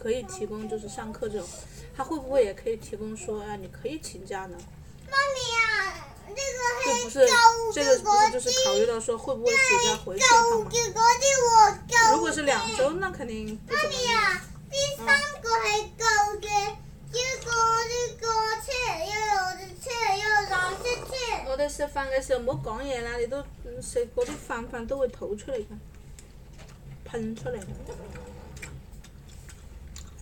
可以提供就是上課這種，他會不會也可以提供說，啊、哎，你可以請假呢？媽咪啊，這個是教不是這個不是就是考慮到說會不會請假回去。如果是兩週，那肯定不怎麼。媽咪啊，第三個係舊嘅依、嗯這個啲過車，有有隻車，有藍色車。我在吃飯的時候莫講嘢啦，你都食嗰啲飯飯都會吐出來看，噴出來的。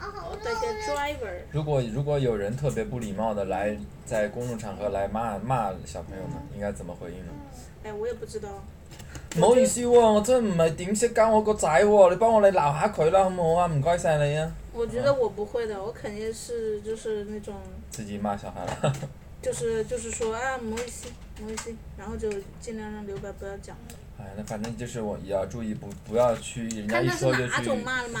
Oh, 如果如果有人特別不禮貌的來在公共場合來罵罵小朋友們，應該怎麼回應呢？哎，我也不知道。不好意思哦，我真唔係點識教我個仔喎，你幫我你鬧下佢啦，好唔好啊？唔該晒你啊。我覺得我不會的，我肯定是就是那種自己罵小孩了、 就是。就是就是說啊，沒關係沒關係，然後就盡量讓劉伯不要講。哎，那反正就是我也要注意不不要去人家一說就去。那是哪種罵的嘛？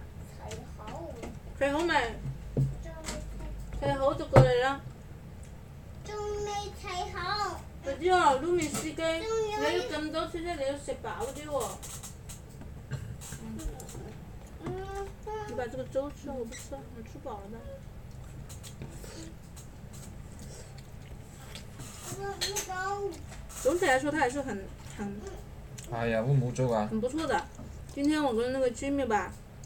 睇好未？睇好，好就過嚟啦。仲未睇好。唔知喎，Lumisky，你有咁多出出嚟食飽啲喎。你把這個粥吃，我不吃，我吃飽了的。總體來說，它還是很很。哎呀，烏木粥啊。很不錯的，今天我跟那個 Jimmy 吧。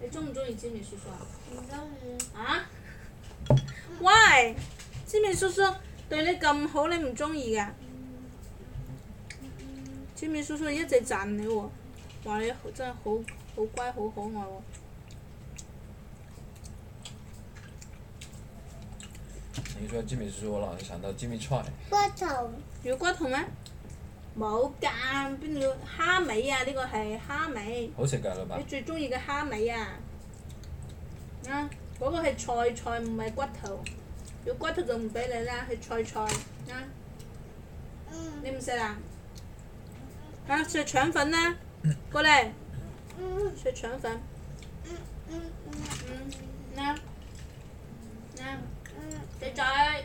你中唔中意芝麻叔叔啊？唔中意。啊？ 喂，芝麻叔叔對你咁好，你唔中意㗎？芝、嗯、麻、嗯、叔叔一直讚你喎，哦，話你真係好好乖，好可愛喎，哦。你講芝麻叔叔，我老係想到芝麻菜。骨頭。有骨頭咩？冇間邊度？蝦米啊！呢個係蝦米。好食㗎老闆。你最中意嘅蝦米啊？啊，嗰個係菜菜，唔係骨頭。有骨頭就唔俾你啦，係菜菜啊。嗯。你唔食啊？啊，食腸粉啦，過嚟食腸粉。嗯嗯嗯嗯。嗱，嗱，仔仔。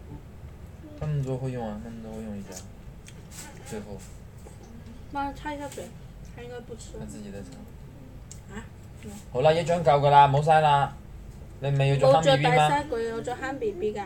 咁多會用啊，咁多會用一下，最後。媽，擦一下嘴，佢應該不吃了。佢自己再擦、啊、好啦，一張夠噶啦，冇曬啦，你唔係要再大三個，我再慳 B B 噶。